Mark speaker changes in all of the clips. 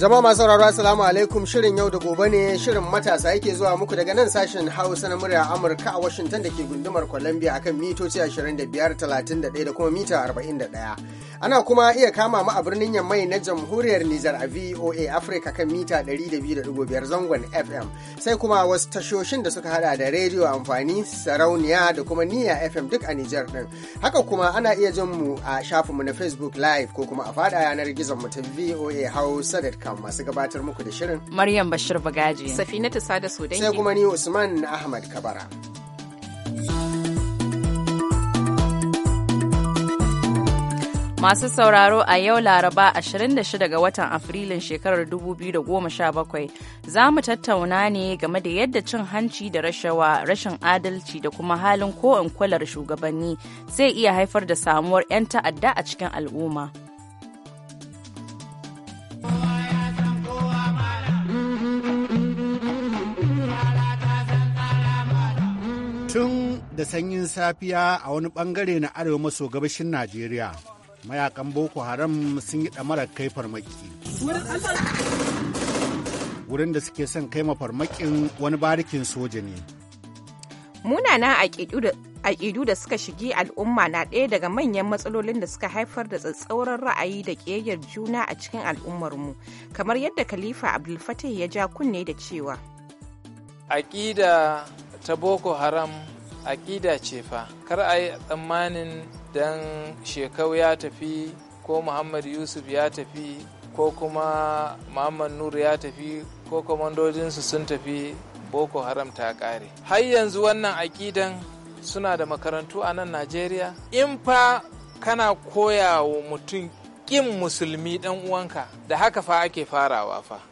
Speaker 1: Jama'a masu sauraro Assalamu alaikum shirin yau da gobe ne shirin matasa yake zuwa muku daga nan sashen Hausa na murya Amurka a Washington da ke gundumar Columbia akan mitoci 25, 31 da kuma mita 41. Ana kuma iya kama mu a birnin Yammai na Jamhuriyar Nijar a VOA Africa kan mita 200.5 zangon FM. Sai kuma wasu tashoshin da suka hada da rediyo amfani, sarauniya da kuma niya FM duk a Nijar din. Haka kuma ana iya jin mu a shafin mu na Facebook Live ko kuma a fada yanar gizon mu ta VOA Hausa.com masu gabatar muku da shirin. Maryam
Speaker 2: Bashir Bagaji.
Speaker 1: Safinatu Sada Sudan Sai kuma ni Usman Ahmad Kabara.
Speaker 2: Masu sauraro a yau Laraba 26 ga watan Afrilun shekarar 2017 za mu tattauna ne game da yadda cin hanci da rashawa, rashin adalci da kuma halin ko kwalar shugabanni zai iya haifar da samuwar 'yan ta'adda a cikin al'umma.
Speaker 3: Tun da sanyin safiya a wani bangare na arewa maso gabashin Najeriya. mayakan boko haram sun yi ɗamarar kai farmaki wurin da suke son kai mafarmakin wani barikin soja ne
Speaker 4: munana aƙidu da suka shigi al'umma na ɗaya daga manyan matsalolin da suka haifar da tsatsauran ra'ayi da ƙeyar juna a cikin al'ummarmu kamar yadda khalifa abdulfatih ya ja
Speaker 5: kunne da cewa aƙida ta boko haram aƙida ce fa kar a yi tsammanin don shekau ya tafi ko muhammad yusuf ya tafi ko kuma muhammad nur ya tafi ko komandojinsu sun tafi boko haram ta kare har yanzu wannan aƙidan suna da makarantu a nan najeriya in fa kana koya wa mutum ƙin musulmi ɗan uwanka da haka fa ake farawa fa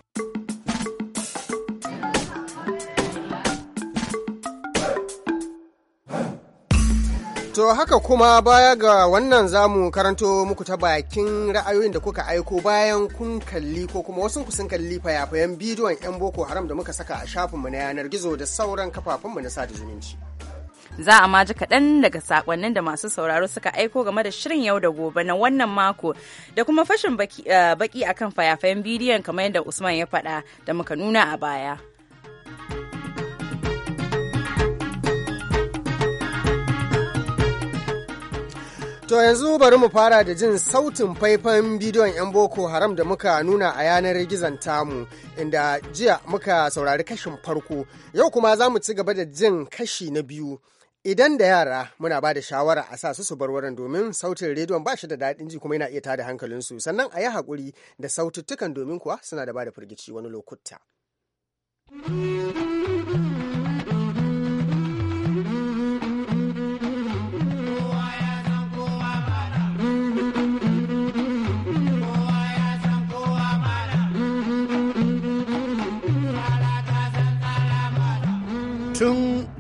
Speaker 1: To haka kuma baya ga wannan zamu karanto muku ta bakin ra'ayoyin da kuka aiko bayan kun kalli ko kuma wasu sun kalli fayafayen bidiyon 'yan Boko Haram da muka saka a shafinmu na yanar gizo da sauran mu na sada zumunci.
Speaker 2: za a maji kaɗan daga sakonnin da masu sauraro suka aiko game da shirin yau da gobe na wannan mako da kuma fashin baki eh, akan fayafayen bidiyon kamar yadda usman ya faɗa da muka nuna a baya
Speaker 1: To yanzu bari mu fara da jin sautin faifan bidiyon 'yan Boko Haram da muka nuna a yanar gizon tamu inda jiya muka saurari kashin farko yau kuma za mu ci gaba da jin kashi na biyu. Idan da yara muna ba da shawara a sa su su bar wurin domin sautin rediyon ba shi da daɗin ji kuma yana iya tada hankalinsu sannan a yi haƙuri da saututtukan domin kuwa suna da ba da firgici wani lokuta.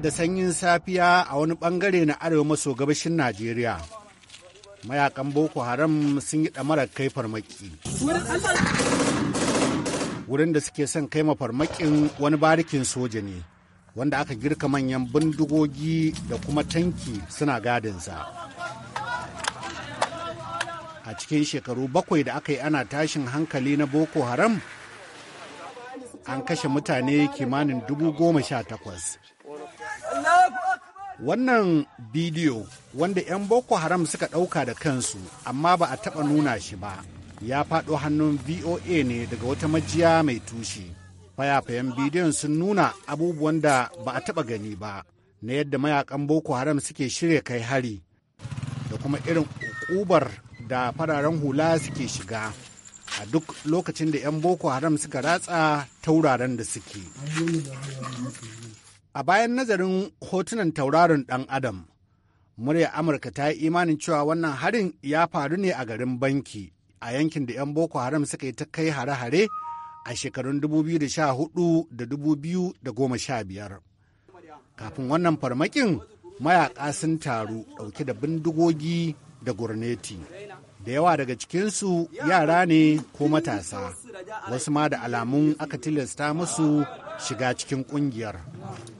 Speaker 3: da sanyin safiya a wani bangare na arewa maso gabashin Najeriya. Mayakan Boko Haram sun yi ɗamarar kai farmaki. Wurin da suke son kai mafarmakin wani barikin soja ne, wanda aka girka manyan bindigogi da kuma tanki suna gadinsa. A cikin shekaru bakwai da aka yi ana tashin hankali na Boko Haram, an kashe mutane kimanin dubu goma sha takwas. wannan bidiyo wanda 'yan boko haram suka ɗauka da kansu amma ba a taɓa nuna shi ba ya faɗo hannun voa ne daga wata majiya mai tushe fayafayen bidiyon sun nuna abubuwan da ba a taɓa gani ba na yadda mayakan boko haram suke shirya kai hari da kuma irin ƙubar da fararen hula suke shiga a duk lokacin da 'yan boko haram suka ratsa tauraren da suke A bayan nazarin hotunan tauraron ɗan Adam, murya Amurka ta yi imanin cewa wannan harin ya faru ne a garin banki a yankin da 'yan Boko Haram suka yi ta kai hare-hare a shekarun 2014 da 2015. Kafin wannan farmakin mayaƙa sun taru ɗauke da bindigogi da gurneti. da yawa daga cikinsu yara ne ko matasa wasu ma da alamun aka tilasta musu shiga cikin kungiyar.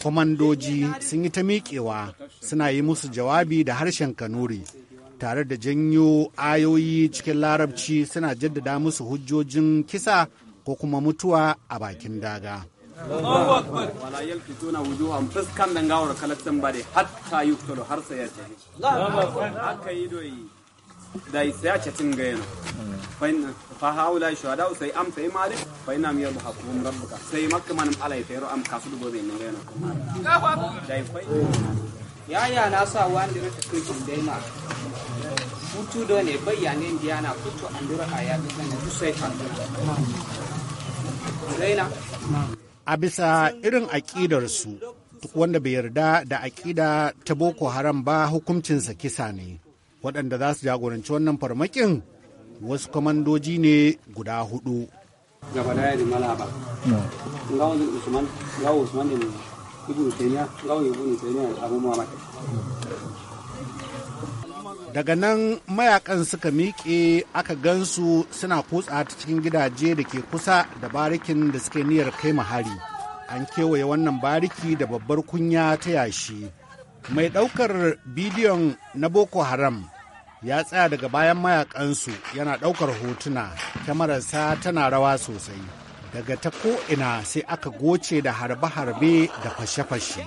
Speaker 3: Kwamandoji sun yi ta miƙewa suna yi musu jawabi da harshen kanuri tare da janyo ayoyi cikin larabci suna jaddada musu hujjojin kisa ko kuma mutuwa a bakin daga. wala dangawar da sai a tin ga
Speaker 1: yana
Speaker 3: fa haula shuhada sai am sai mari fa ina miyar da hakum rabbuka sai makka manam alai fero am kasu dubo be nan yana kuma dai ya ya na sa wanda na tafi kin dai ma futu da ne yana futu an dura aya bisan da sai kan raina a bisa irin aƙidarsu wanda bai yarda da aqida ta boko haram ba hukuncinsa kisa ne waɗanda za su jagoranci wannan farmakin wasu kwamandoji ne guda hudu. daga nan mayakan suka miƙe aka gansu suna kutsa ta cikin gidaje da ke kusa da barikin da suke niyyar kai mahari an kewaye wannan bariki da babbar kunya ta yashi mai ɗaukar bidiyon na boko haram ya tsaya daga bayan mayakansu yana ɗaukar hotuna kyamararsa tana rawa sosai daga ta ko'ina sai aka goce da harbe-harbe da fashe-fashe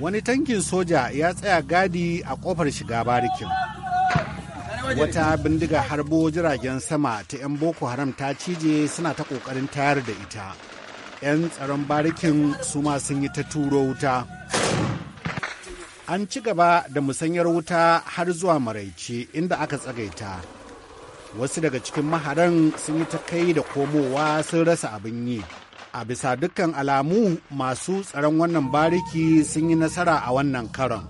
Speaker 3: wani tankin soja ya tsaya gadi a kofar shiga barikin wata bindiga harbo jiragen sama ta 'yan boko haram ta cije suna ta kokarin tayar da ita 'yan tsaron barikin su ma sun yi ta turo wuta an ci gaba da musanyar wuta har zuwa maraice inda aka tsagaita wasu daga cikin maharan sun yi ta kai da komowa sun rasa abin yi a bisa dukkan alamu masu tsaron wannan bariki sun yi nasara a wannan karon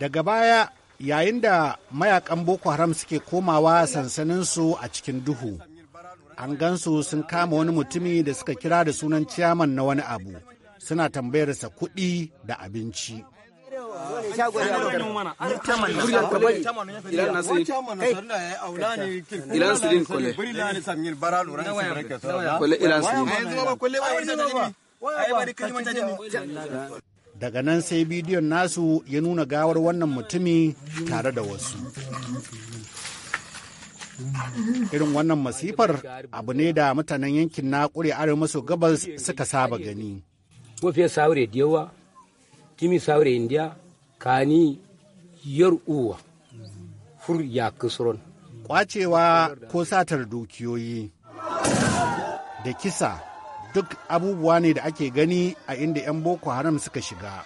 Speaker 3: Daga baya yayin da mayakan Boko Haram suke komawa sansaninsu a cikin duhu, an gansu sun kama wani mutumi da suka kira da sunan ciyaman na wani abu, suna tambayarsa kuɗi da abinci. daga nan sai bidiyon nasu ya nuna gawar wannan mutumi tare da wasu irin wannan masifar abu ne da mutanen yankin na kure arewa maso gabas suka saba gani. Wafiyar saure diyawa, timi saure indiya, kani yar uwa fur ya kusuron kwacewa ko satar dukiyoyi da kisa duk abubuwa ne da ake gani a inda 'yan boko haram suka shiga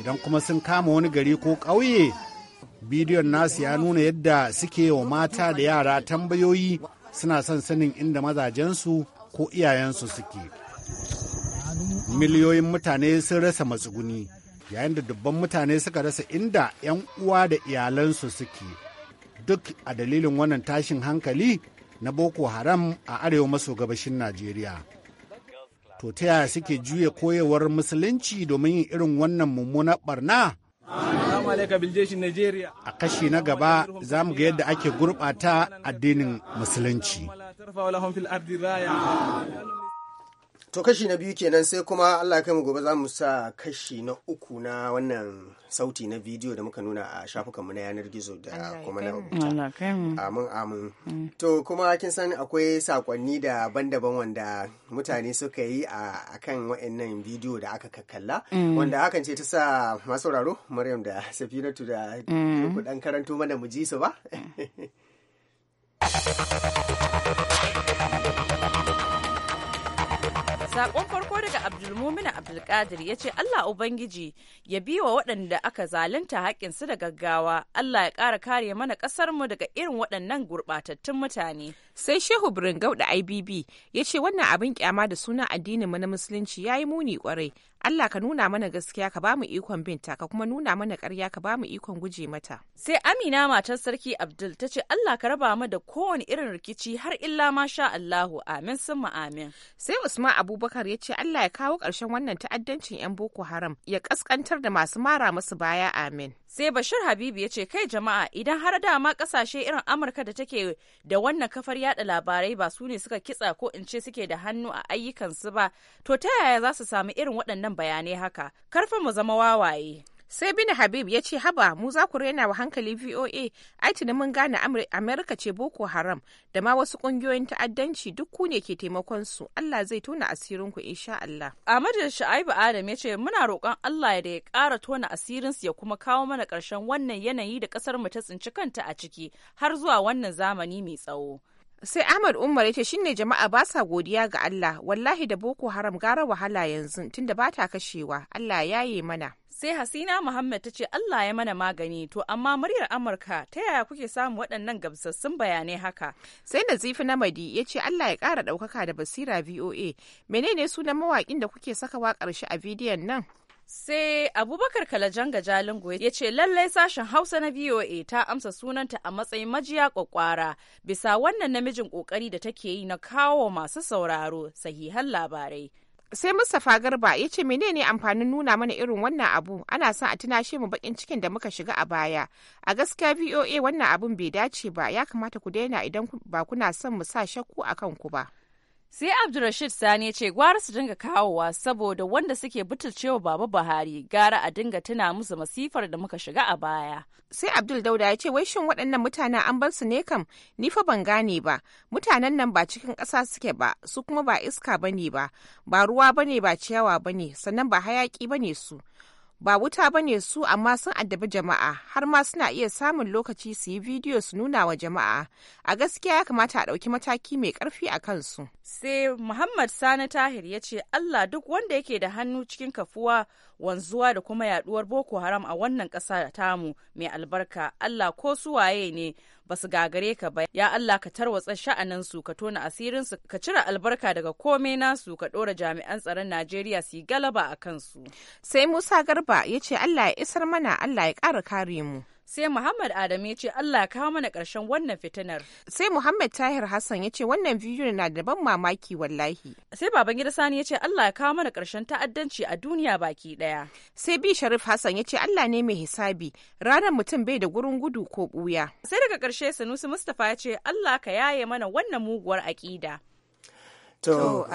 Speaker 3: idan kuma sun kama wani gari ko ƙauye bidiyon nasu ya nuna yadda suke wa mata da yara tambayoyi suna son sanin inda mazajensu ko iyayensu suke miliyoyin mutane sun rasa matsuguni yayin da dubban mutane suka rasa inda 'yan uwa da iyalansu suke duk a dalilin wannan tashin hankali na boko haram a arewa maso gabashin najeriya to ta yaya suke juya koyewar musulunci domin yin irin wannan mummuna barna a kashi na gaba za mu ga yadda ake gurɓata addinin musulunci
Speaker 1: to kashi na biyu kenan sai kuma allah kai mu gobe za mu sa kashi na uku na wannan sauti na bidiyo da muka nuna a shafukanmu na yanar gizo da kuma na rubuta amin amin mm. to kuma kin san akwai sakonni daban-daban wanda mutane suka yi a kan wa'annan bidiyo da aka kakkalla mm. wanda hakan ce ta sa masu sauraro maryam da safinatu da mm. kudan karanto mana mu ji su ba
Speaker 2: un por daga Abdulmumina Abdulkadir ya ce Allah Ubangiji ya bi wa waɗanda aka zalunta haƙƙinsu da gaggawa, Allah ya ƙara kare mana ƙasarmu daga irin waɗannan gurɓatattun mutane. Sai Shehu Biringau da IBB
Speaker 4: ya ce wannan abin kyama da suna mu na Musulunci ya yi muni ƙwarai. Allah ka nuna mana gaskiya ka ba mu ikon binta ka kuma nuna mana ƙarya ka ba mu ikon guje mata. Sai Amina
Speaker 2: matar sarki Abdul ta ce Allah ka raba mu da kowane irin rikici har illa ma sha Allahu amin sun amin. Sai Usman Abubakar ya ce Allah Allah ya kawo ƙarshen wannan ta'addancin 'yan Boko Haram ya ƙasƙantar da masu mara musu baya amin. Sai Bashir Habibu ya ce kai jama'a idan har dama ƙasashe irin Amurka da take da wannan kafar yada labarai ba su ne suka kitsa ko in ce suke da hannu a ayyukansu ba to ta yaya za su sami irin waɗannan bayanai haka? Karfa mu zama wawaye.
Speaker 4: sai bin habib ya ce haba mu za ku raina wa hankali voa ai tuni mun gane amerika ce boko haram da ma wasu kungiyoyin ta'addanci duk ku
Speaker 2: ne ke taimakon su allah zai tona asirin ku insha allah ahmadu sha'ibu adam ya ce muna roƙon allah da ya ƙara tona asirin su ya kuma kawo mana ƙarshen wannan yanayi da ƙasar mu ta tsinci kanta a ciki har zuwa wannan zamani mai tsawo
Speaker 4: sai ahmad umar ya ce shine jama'a ba sa godiya ga allah wallahi da boko haram gara wahala yanzu tunda ba ta kashewa
Speaker 2: allah ya yi mana Sai Hasina Muhammad ta ce Allah ya mana magani to amma muryar Amurka ta yaya kuke samun waɗannan gamsassun bayanai haka? Sai Nazifi Namadi ya ce Allah ya ƙara
Speaker 4: ɗaukaka da basira VOA. Menene sunan mawaƙin da kuke saka waƙar shi a bidiyon nan?
Speaker 2: sai abubakar kalajan jalingo ya ce lallai sashen hausa na voa ta amsa sunanta a matsayin majiya kwakwara bisa wannan namijin kokari da take yi na kawo masu sauraro sahihan labarai
Speaker 4: sai Mustapha Garba ya ce menene amfanin nuna mana irin wannan abu ana son a tunashe mu bakin cikin da muka shiga a baya a gaskiya VOA wannan abun bai dace ba ya kamata ku daina idan ba kuna son mu sa shakku akan ku ba
Speaker 2: sai abdulrashid sani ya ce gwara su dinga kawowa saboda wanda suke butulcewa baba buhari gara a dinga tuna musu masifar da muka shiga a baya sai abdul dauda ya ce
Speaker 4: wai shin waɗannan mutanen an bar su ne kam ni fa ban gane ba mutanen nan ba cikin ƙasa suke ba su kuma ba iska bane ba ba ruwa bane ba ciyawa bane sannan ba hayaki bane su ba wuta ba ne su amma sun addabi jama'a har ma suna iya samun lokaci su yi bidiyo su nuna wa jama'a a gaskiya ya kamata a ɗauki mataki mai ƙarfi a kansu.
Speaker 2: sai muhammad sani tahir ya ce allah duk wanda yake da hannu cikin kafuwa wanzuwa da kuma yaduwar boko haram a wannan ƙasa tamu mai albarka allah ko su waye ne ba su gagare ka ba ya Allah ka tarwatsa sha'anin su ka tona asirin su ka cire albarka daga komai nasu ka dora jami'an tsaron Najeriya su yi galaba a kansu
Speaker 4: sai Musa Garba ya ce Allah ya isar mana Allah ya ƙara kare mu
Speaker 2: sai Muhammad Adam ya ce Allah kawo mana karshen wannan fitinar. Sai Muhammad Tahir Hassan ya ce wannan bidiyo na da ban mamaki wallahi. Sai Babangida Sani ya ce Allah kawo mana karshen ta'addanci a duniya baki
Speaker 4: ɗaya. Sai Bi Sharif Hassan ya ce Allah ne mai hisabi ranar mutum bai da gurin gudu ko ɓuya.
Speaker 2: Sai daga ƙarshe Sanusi Mustapha ya ce Allah ka yaye mana wannan muguwar aƙida.
Speaker 1: To,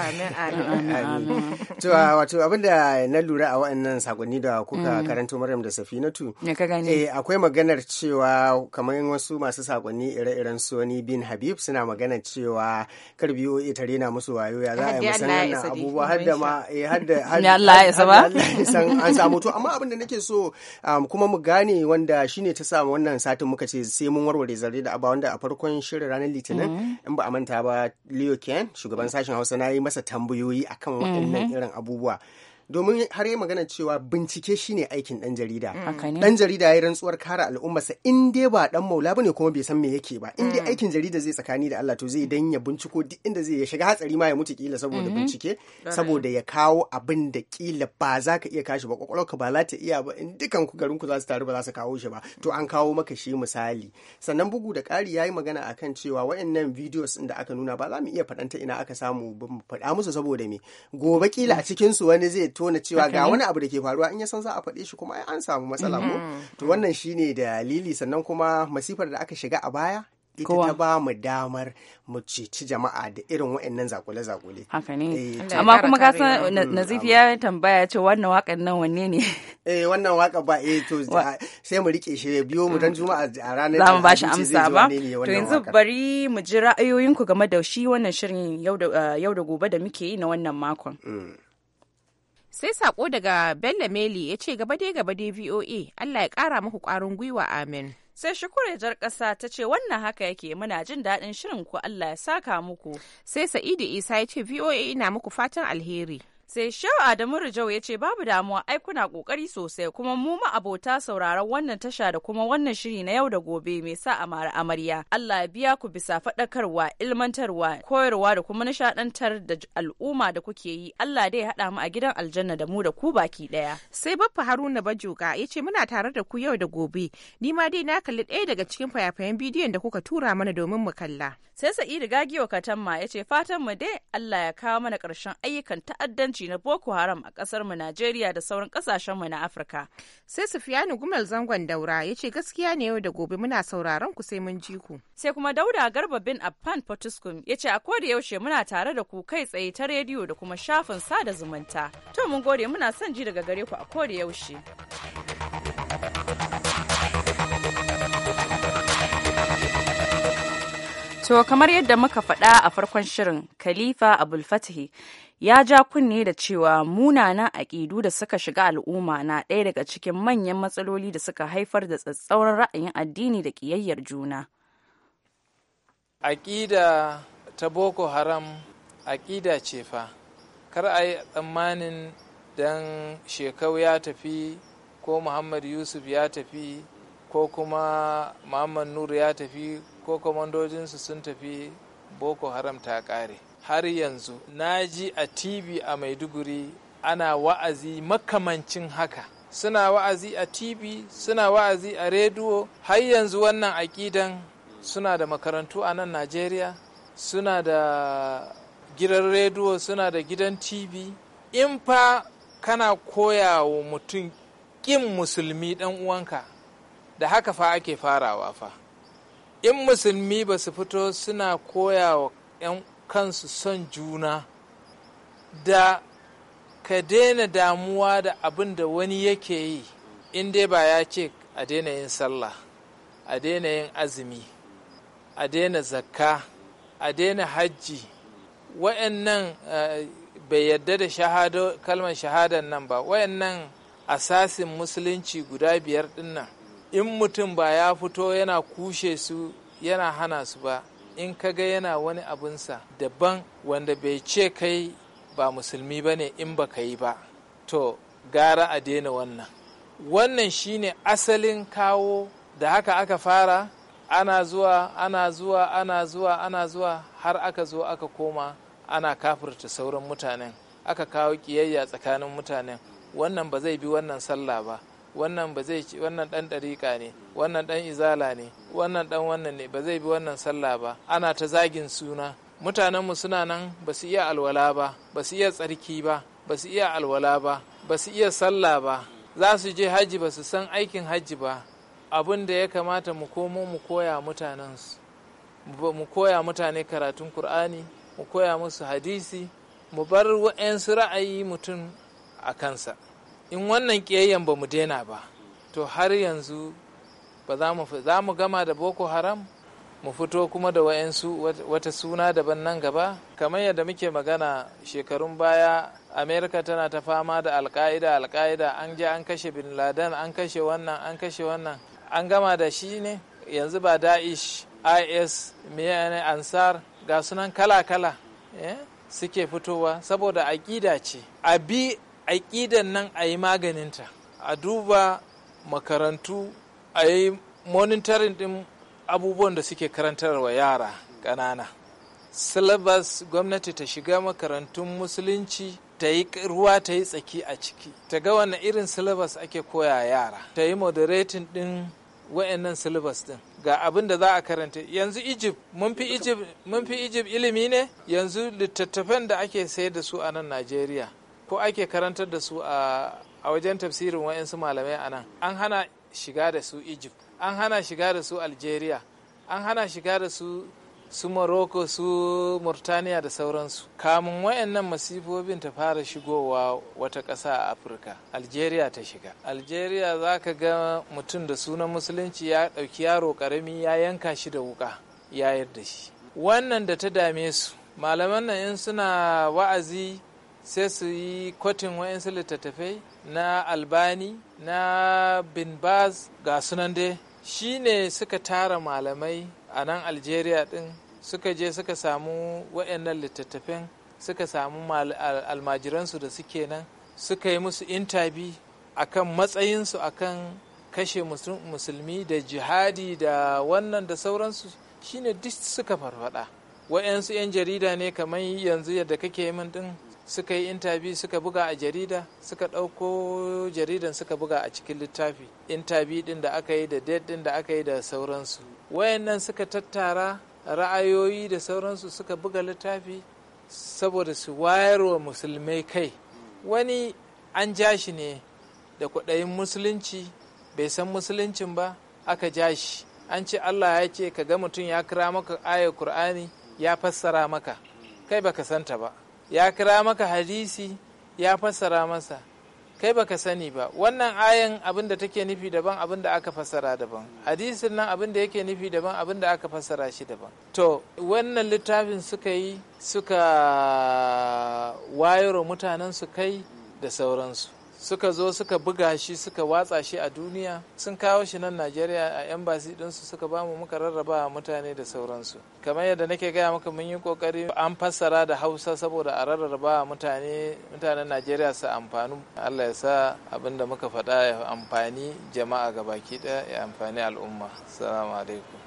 Speaker 1: to wato abinda na lura a waɗannan sakonni da kuka mm. karanto Maryam da Safinatu.
Speaker 2: Eh
Speaker 1: akwai maganar cewa kamar wasu masu sakonni ire-iren Soni bin Habib suna maganar cewa kar BOA ta rena musu wayo ya za a yi musan wannan abubuwa har da ma Allah eh, ya saba. San an samu to amma abin da nake so um, kuma mu gane wanda shine ta samu wannan satin muka ce sai mun warware zare da aba wanda a farkon shirin ranar Litinin mm. in ba a manta ba Leo Ken shugaban mm. sashen hausa na yi masa tambayoyi akan waɗannan mm-hmm. irin abubuwa domin har yi magana cewa bincike shine aikin dan jarida dan mm. jarida yayi rantsuwar kare sa in dai ba dan maula ne kuma bai san me yake ba in dai mm. aikin jarida zai tsakani da Allah to zai dan ya binciko duk inda zai ya shiga hatsari ma ya mutu kila saboda mm-hmm. bincike saboda ya kawo abin da kila ba za ka iya kashi ba kwakwalwarka ba za ta iya ba in dukan ku garin ku za su taru ba za su kawo shi ba to an kawo maka shi misali sannan bugu da ƙari yayi magana akan cewa wayannan videos da aka nuna ba za mu iya faɗanta ina aka samu mu faɗa musu saboda me gobe kila a cikin su wani zai tona cewa ga wani abu da ke faruwa in ya san za a faɗe shi kuma ai an samu matsala mu mm-hmm. to wannan shine dalili sannan kuma masifar da aka shiga a baya ita ta ba mu damar mu ci jama'a da irin waɗannan
Speaker 2: zakule-zakule.
Speaker 1: Haka ne. Eh, Amma kuma ka san mm, Nazifi
Speaker 2: ya tambaya ce wannan wakan nan wanne ne?
Speaker 1: Eh wannan waka ba eh to sai mu rike shi biyo mu dan mm. juma'a a ranar Za mu ba shi amsa ba. To yanzu
Speaker 2: bari mu ji ra'ayoyinku game da shi wannan shirin yau da eh, gobe da muke yi na wannan makon. Mm.
Speaker 4: sai sako daga bello meli ya ce gaba dai gaba dai voa allah ya kara muku kwarin gwiwa amin
Speaker 2: sai jar ƙasa ta ce wannan haka yake muna jin daɗin shirin ku allah ya saka muku sai sa'idu isa ya ce voa ina muku fatan alheri Sai shau Adamu Rijau ya ce babu damuwa ai kuna kokari sosai kuma mu ma abota sauraron wannan tasha da kuma wannan shiri na yau da gobe mai sa a mara amarya. Allah ya biya ku bisa faɗakarwa, ilmantarwa, koyarwa da kuma nishaɗantar da al'umma da kuke yi. Allah dai haɗa mu a gidan aljanna da mu da ku baki ɗaya.
Speaker 4: Sai Baffa Haruna Bajoga ya ce muna tare da ku yau da gobe. Ni ma dai na kalli ɗaya daga cikin fayafayen bidiyon da kuka tura mana domin mu kalla.
Speaker 2: Sai Sa'idu Gagiwa Katamma ya ce fatan mu dai Allah ya kawo mana ƙarshen ayyukan ta'addanci na Boko Haram a kasar mu Najeriya da sauran kasashen mu na Afirka.
Speaker 4: Sai Sufiyanu Gumal zangon daura ya ce gaskiya ne yau da gobe muna sauraron ku sai mun ji ku.
Speaker 2: Sai kuma Dauda Garba bin Affan Potiskum ya ce a koda yaushe muna tare da ku kai tsaye ta rediyo da kuma shafin sada zumunta. To mun gode muna son ji daga gare ku a koda yaushe. To kamar yadda muka faɗa a farkon shirin Khalifa Abulfatihi ya ja kunne da cewa munanan aƙidu da suka shiga al'umma na ɗaya daga cikin manyan matsaloli da suka haifar da tsatsauran ra'ayin addini da ƙiyayyar
Speaker 5: juna. Aƙida ta Boko Haram aƙida ce fa, kar a yi tsammanin don shekau ya tafi ko Muhammad Yusuf ya tafi ko kuma Muhammad Nur ya tafi ko kwamandojinsu sun tafi Boko Haram ta ƙare. har yanzu na ji a tv a maiduguri ana wa'azi makamancin haka suna wa'azi a tv suna wa'azi a rediyo har yanzu wannan aƙidan suna da makarantu a nan najeriya suna da gidan rediyo suna da gidan tv in fa kana koya wa mutum ƙin musulmi ɗan uwanka da haka fa ake farawa fa in musulmi ba su fito suna koya wa 'yan kansu son juna da ka daina damuwa da abin da wani yake yi in dai ba ya ce a daina yin sallah a daina yin azumi a daina zakka a daina hajji wa'annan eh, bai yarda da kalmar shahadar nan ba wa'annan asasin musulunci guda biyar dinnan in mutum ba ya fito yana kushe su yana hana su ba in ka ga yana wani abinsa daban wanda bai ce kai ba musulmi ba ne in ba ka yi ba to gara a daina wannan wannan shine asalin kawo da haka aka fara ana zuwa ana zuwa ana zuwa ana zuwa har aka zo aka koma ana kafirta sauran mutanen aka kawo kiyayya tsakanin mutanen wannan ba zai bi wannan sallah ba wannan ba zai ci wannan dan dariƙa ne wannan dan izala ne wannan dan wannan ne ba zai bi wannan sallah ba ana ta zagin suna mutanen mu suna nan ba su iya alwala ba ba su iya tsarki ba ba su iya alwala ba ba su iya sallah ba za su je hajji ba su san aikin hajji ba abin da ya kamata mu komo mu koya mu koya mutane karatun kur'ani mu koya musu hadisi mu bar wa'yansu ra'ayi mutum a kansa in wannan ƙiyayyen ba mu daina ba to har yanzu ba za mu za mu gama da boko haram mu fito kuma da wayansu wata suna daban nan gaba kamar yadda muke magana shekarun baya amerika tana ta fama da alka'ida alka'ida an je an kashe bin laden an kashe wannan an kashe wannan an gama da shi ne yanzu ba da'ish is miyane ansar ga sunan kala-kala eh, suke fitowa saboda aƙida ce a bi aƙidan nan a yi maganinta a duba makarantu a yi monitorin ɗin abubuwan da suke karantarwa yara ƙanana syllabus gwamnati ta shiga makarantun musulunci ta yi ruwa ta yi tsaki a ciki ta ga wani irin syllabus ake koya yara ta yi moderating ɗin wa'annan syllabus din ga abin da za a karanta yanzu egypt mun fi egypt ilimi ne yanzu littattafan da ake sayar da su a nan najeriya ko ake karantar da su a wajen tafsirin wa'insu malamai a nan an hana shiga da su egypt an hana shiga da su algeria an hana shiga da su su morocco su murtaniya da sauransu kamun wayannan masifobin ta fara shigowa wata ƙasa a afirka algeria ta shiga algeria za ka ga mutum da sunan musulunci ya ɗauki yaro ƙarami ya yanka shi da wuƙa ya yarda shi wannan da ta dame su malaman nan in suna wa'azi sai su yi kwatin wa'insu littattafai na albani na bin baz ga sunan dai shi ne suka tara malamai a nan algeria din suka je suka samu wa'annan littattafin suka samu almajiransu da suke nan suka yi musu intabi akan matsayinsu akan kashe musulmi da jihadi da wannan da sauransu shine duk suka farfada wa'yansu 'yan jarida ne kamar yanzu yadda kake yi min din suka yi intabi suka buga a jarida suka ɗauko jaridan suka buga a cikin littafi intabi ɗin da aka yi da dead ɗin da aka yi da sauransu wayannan suka tattara ra'ayoyi da sauransu suka buga littafi saboda su wayarwa musulmai kai wani an ja ne da kwaɗayin musulunci bai san musuluncin ba aka jashi an ce allah ya ce ka ga mutum ya kira maka ayar kur'ani ya fassara maka kai baka santa ba ya kira maka hadisi ya fassara masa kai baka sani ba wannan ayan abin da take nufi daban abin da aka fassara daban hadisin nan abin da yake nufi daban abin da aka fassara shi daban to wannan littafin suka yi suka wayarwa mutanen su kai da sauransu suka zo suka buga shi suka watsa shi a duniya sun kawo shi nan najeriya a embassy ɗinsu suka bamu muka rarraba mutane da sauransu kamar yadda nake gaya maka mun yi kokari an fassara da hausa saboda a rarraba mutane mutanen najeriya su amfani allah ya sa abin da muka faɗa ya amfani jama'a gabaki ɗaya ya amfani al'umma salamu alaikum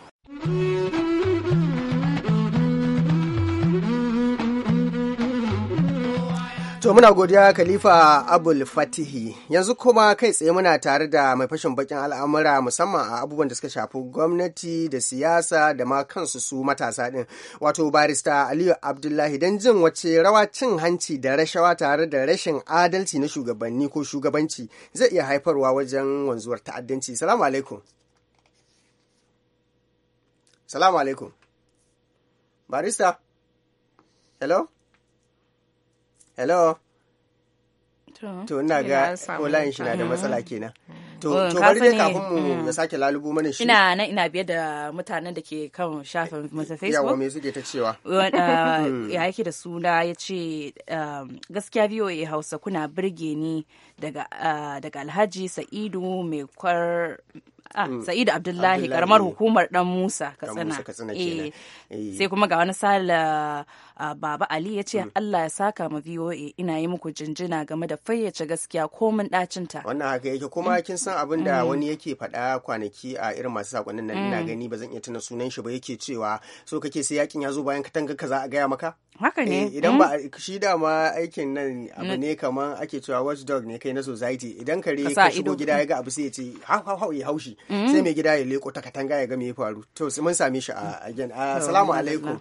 Speaker 1: To muna godiya Khalifa Abul Fatihi. Yanzu kuma kai tsaye muna tare da mai fashin bakin al'amura musamman a abubuwan da suka shafi gwamnati da siyasa da ma kansu su matasa din. Wato barista Aliyu Abdullahi dan jin wace rawa cin hanci da rashawa tare da rashin adalci na shugabanni ko shugabanci zai iya haifarwa wajen wanzuwar ta'addanci. Salamu alaikum. Salamu alaikum. Barista. Hello? hello
Speaker 2: to ina ga
Speaker 1: online shi na da matsala kenan mm. to oh, to bari dai kafin mu ya mm. sake lalubo mana shi ina
Speaker 2: nan ina biye da mutanen da ke kan shafin mu ta Facebook yawa me
Speaker 1: suke ta cewa uh, ya hmm. yake
Speaker 2: da suna ya ce um, gaskiya VOA Hausa kuna birge ni daga uh, daga Alhaji Sa'idu mai kwar Ah, hmm. Sa'idu Abdullahi karamar hukumar Dan Musa Katsina. Eh, eh. Sai kuma ga wani sala Baba Ali ya ce hmm. Allah ya saka ma VOA ina yi muku jinjina game da fayyace gaskiya ko dacin ta Wannan
Speaker 1: haka yake kuma mm. kin san abin da mm. wani yake faɗa kwanaki a irin masu sakonnin nan ina mm. gani ba zan iya tuna sunan shi ba yake cewa so kake sai yakin ya zo bayan katanga ka za a gaya maka.
Speaker 2: Haka ne. Eh, idan ba
Speaker 1: shi dama aikin nan abu ne kaman ake cewa watchdog ne kai na society idan kare ka shigo gida ya ga abu sai ya ce hau hau ya haushi sai mai gida ya leko ta katanga ya ga me ya faru to mun same shi a again assalamu alaikum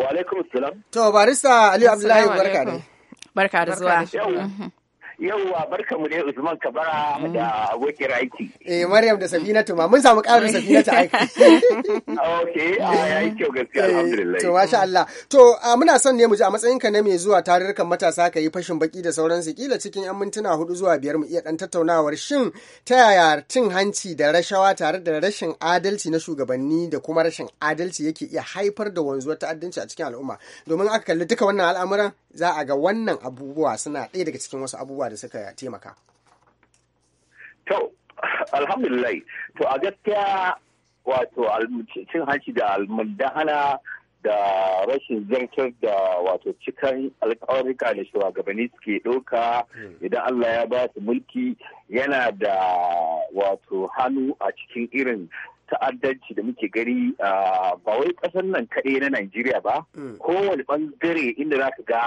Speaker 6: Wa alaikum salam.
Speaker 1: To barista Aliyu Abdullahi barka ne. Barka da zuwa.
Speaker 6: yauwa barka mu dai Usman Kabara mm. da abokin aiki.
Speaker 1: Eh Maryam da Safina Tuma mun samu ƙarin Safina ta aiki.
Speaker 6: Okay, ya yi kyau gaskiya eh, alhamdulillah. To
Speaker 1: masha Allah. To muna son ne mu ji a matsayinka na mai zuwa tarurrukan matasa ka yi fashin baki da sauransu kila cikin 'yan mintuna hudu zuwa biyar mu iya dan tattaunawar shin ta yaya cin hanci da rashawa tare da rashin adalci na shugabanni da kuma rashin adalci yake iya haifar da wanzuwar ta'addanci a cikin al'umma domin aka kalli duka wannan al'amuran za a ga wannan abubuwa suna ɗaya daga cikin wasu abubuwa da suka taimaka
Speaker 6: to alhamdulillah to a gaskiya wato cin hanci da almundahana da rashin zartar da wato cikan alkawarika da shugabanni suke ɗauka hmm. idan Allah ya ba su mulki yana da wato hannu a cikin irin ta'addanci da muke gari ba wai ƙasar nan kaɗai na Najeriya ba mm. kowane bangare inda za ka ga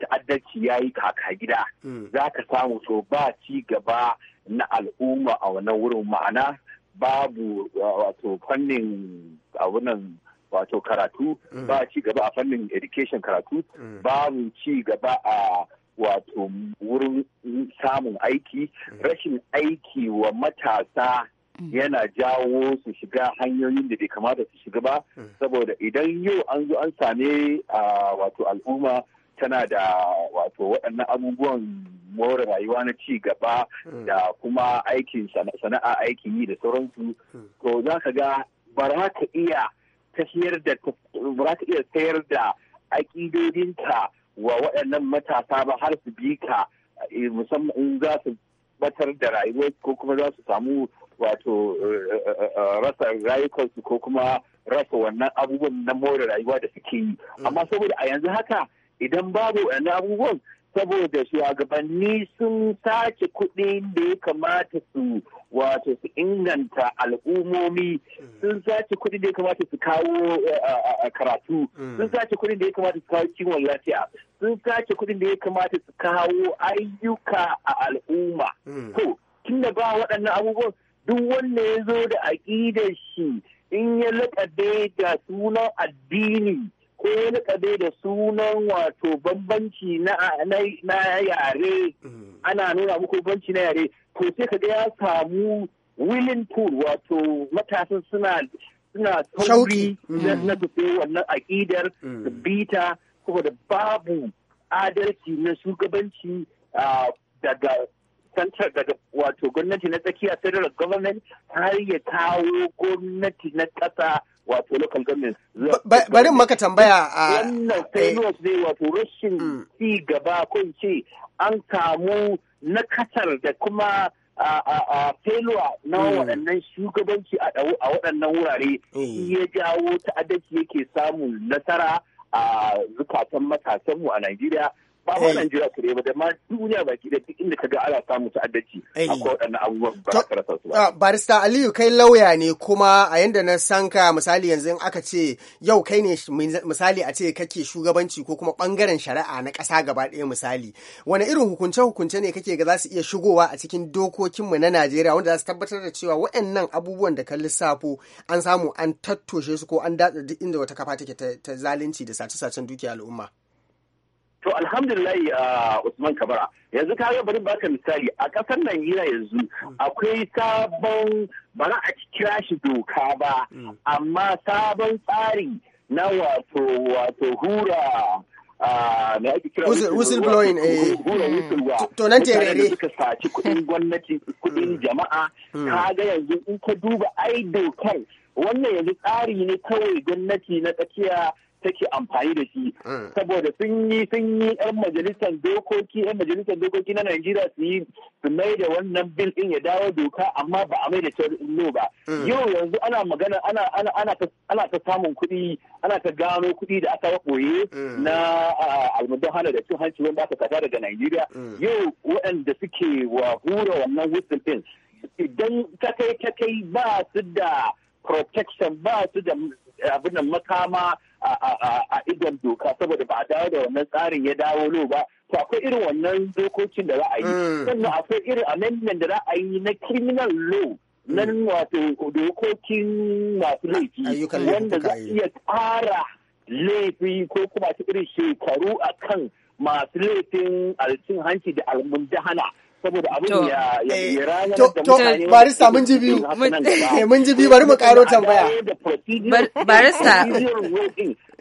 Speaker 6: ta'addanci ya yi kaka gida mm. za ka samu to ba ci gaba na al'umma a wannan wurin ma'ana babu wato fannin abunan wato karatu mm. ba ci gaba a fannin education karatu babu ci gaba a wato wurin samun aiki rashin aiki wa matasa Mm. yana jawo su shiga hanyoyin da bai kamata su shiga ba mm. saboda idan yau an zo an same wato al'umma tana da wato waɗannan abubuwan more rayuwa na ci gaba mm. da kuma aikin sana'a aikin yi da sauransu to za ka ga ba za ka iya tafiyar da ba za ka wa waɗannan matasa ba har su bi ka eh, musamman in za su batar da rayuwa ko kuma za su samu wato eh, eh, eh, rasa rayukansu ko kuma rasa wannan abubuwan na more rayuwa da suke yi mm. amma saboda a yanzu haka idan babu wannan abubuwan saboda shugabanni sun sace kuɗi da ya kamata su wato su inganta al'ummomi mm. sun sace kuɗi da ya kamata su kawo karatu mm. sun sace kuɗi da ya kamata su kawo kiwon lafiya sun sace kuɗi da ya kamata su kawo ayyuka a al'umma to tunda ba waɗannan abubuwan duk wanda ya zo da aƙidar shi in ya laƙabe da sunan addini ko ya laƙabe da sunan wato bambanci na yare mm. ana nuna muku bambanci na yare to sai ka ya samu willing pool wato matasan suna suna sauri na mm. tafiye wannan aƙidar da mm. bita saboda babu adalci na shugabanci ah, daga center daga wato gwamnati na tsakiya federal government har ya kawo gwamnati na kasa wato local government. Bari maka tambaya a... Uh, Wannan eh, failures ne wato rashin mm. ci gaba ko ce an samu na kasar da kuma a failure na mm. waɗannan shugabanci a waɗannan wurare eh. ya jawo ta'adda yake samun nasara a zukatan matasanmu a Najeriya ba ma eh. Najeriya kure ba da ma duniya baki da duk inda ala ana samun ta'addaci eh. akwai waɗannan abubuwan ba ka rasa su ba. Ah,
Speaker 1: barista Aliyu kai lauya ne kuma a yanda na san ka misali yanzu in aka ce yau kai ne misali a ce kake shugabanci ko kuma ɓangaren shari'a na ƙasa gaba ɗaya misali wani irin hukunce hukunce ne kake ga za su iya shigowa a cikin dokokinmu na Najeriya wanda za su tabbatar da cewa waɗannan abubuwan da ka lissafo an samu an tattoshe su ko an datsa duk inda wata kafa take ta zalunci da sace-sacen
Speaker 6: dukiya al'umma. To alhamdulillahi a uh, Usman Kabara yanzu ka bari baka misali a kasar Najeriya yanzu akwai sabon ba za a kira shi doka ba amma sabon tsari na wato wato hura uh, whistleblowing eh mm. to nan terere suka saci kudin gwamnati kudin mm. jama'a mm. ka ga yanzu in ka duba ai dokar wannan yanzu tsari ne kawai gwamnati na tsakiya take amfani da shi eh. saboda sun yi sun yi yan majalisar dokoki yan majalisar dokoki na Najeriya su yi su mai da wannan bil din ya dawo doka amma ba a mai da lo ba eh. yau yanzu ana magana ana ana ana ta ana ta samun kuɗi ana ta gano kuɗi da aka koye eh. na almudahana da cin hanci wanda aka kata daga Najeriya yau waɗanda suke wa hura wannan whistle din idan ta kai ta kai ba su da protection ba su da abin makama a idon doka saboda ba a dawo da wannan tsarin ya dawo lo ba to akwai irin wannan dokokin da za a yi mm. sannan akwai irin amendment da za a yi na criminal law mm. nan wato dokokin masu laifi wanda za a iya tsara laifi ko kuma ta irin shekaru akan masu laifin alcin hanci da almundahana saboda abin ya ya eh, ranar da mutane barista mun ji biyu mun ji biyu bari mu karo tambaya barista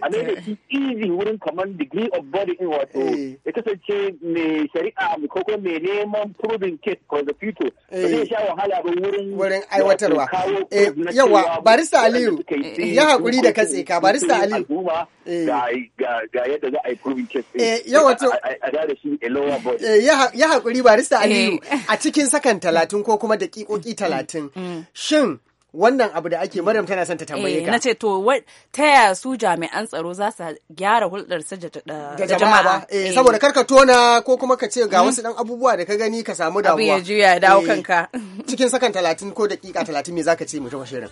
Speaker 6: a ne da shi easy wurin kamar degree of body in wato eh. ya kasance mai shari'a ko ko mai neman proving case for the future zai eh. sha wahala ba wurin wurin aiwatarwa eh, yawa barista aliyu ya hakuri da katse ka barista aliyu ga yadda za a yi proving case yawa to
Speaker 1: ya hakuri barista aliyu a cikin sakan talatin ko kuma dakikoki mm, mm. talatin shin wannan
Speaker 2: abu da ake Maryam tana son ta tambaye eh, ka. Na ce to ta yaya su jami'an tsaro za su gyara hulɗar su da jama'a ba. Eh, eh saboda kar
Speaker 1: ka tona ko kuma ka ce ga hmm? wasu ɗan abubuwa da ka gani ka samu damuwa. Abu ya juya ya dawo eh, kanka. Cikin sakan talatin ko dakika talatin me za ka ce mutum shirin.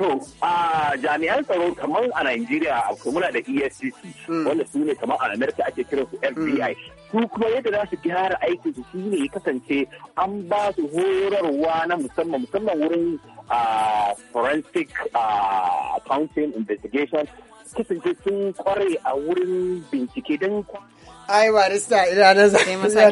Speaker 6: To, a jami'an tsaro kamar a Najeriya akwai muna da ESCC hmm. wanda su ne kamar a Amerika ake kiran su FBI. Hmm. su kuma yadda za su gyara aikin su shine ya kasance an ba su horarwa na musamman musamman wurin forensic accounting investigation kasance sun kware a wurin bincike don
Speaker 1: ai barista ina na zamu iya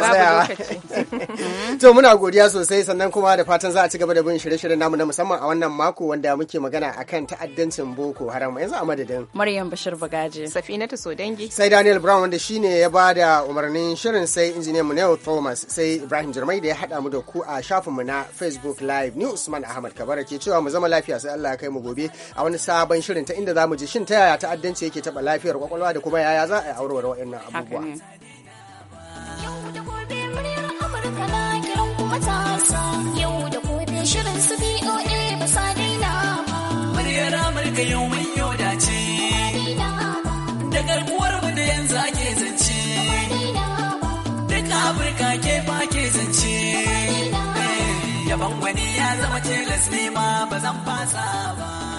Speaker 1: tsayawa
Speaker 2: hmm.
Speaker 1: to muna godiya sosai sannan kuma da fatan za a ci gaba da bin shirye-shiryen namu na musamman a wannan mako wanda muke magana akan ta'addancin boko haram yanzu a madadin
Speaker 2: maryam bashir bagaje safinatu sodangi
Speaker 1: sai daniel brown wanda shine ya ba da umarnin shirin sai Injiniya mu neo thomas sai ibrahim jirmai da ya haɗa mu da ku a shafin mu na facebook live ni usman ahmad kabara ke cewa mu zama lafiya sai allah ya kai mu gobe a wani sabon shirin ta inda za mu ji shin ta yaya ta'addanci yake taɓa lafiyar kwakwalwa da kuma yaya za a yi aurewar wa'annan abubuwa yau
Speaker 2: da gobe muryar amurka na kiran kuma ta yau da gobe shirin su boa ba daina muryar amurka yau mun yau dace da garkuwar mu da yanzu ake zance duk afirka ke fa ke zance da eh, gwani ya zama tilas ne ma ba zan fasa
Speaker 5: ba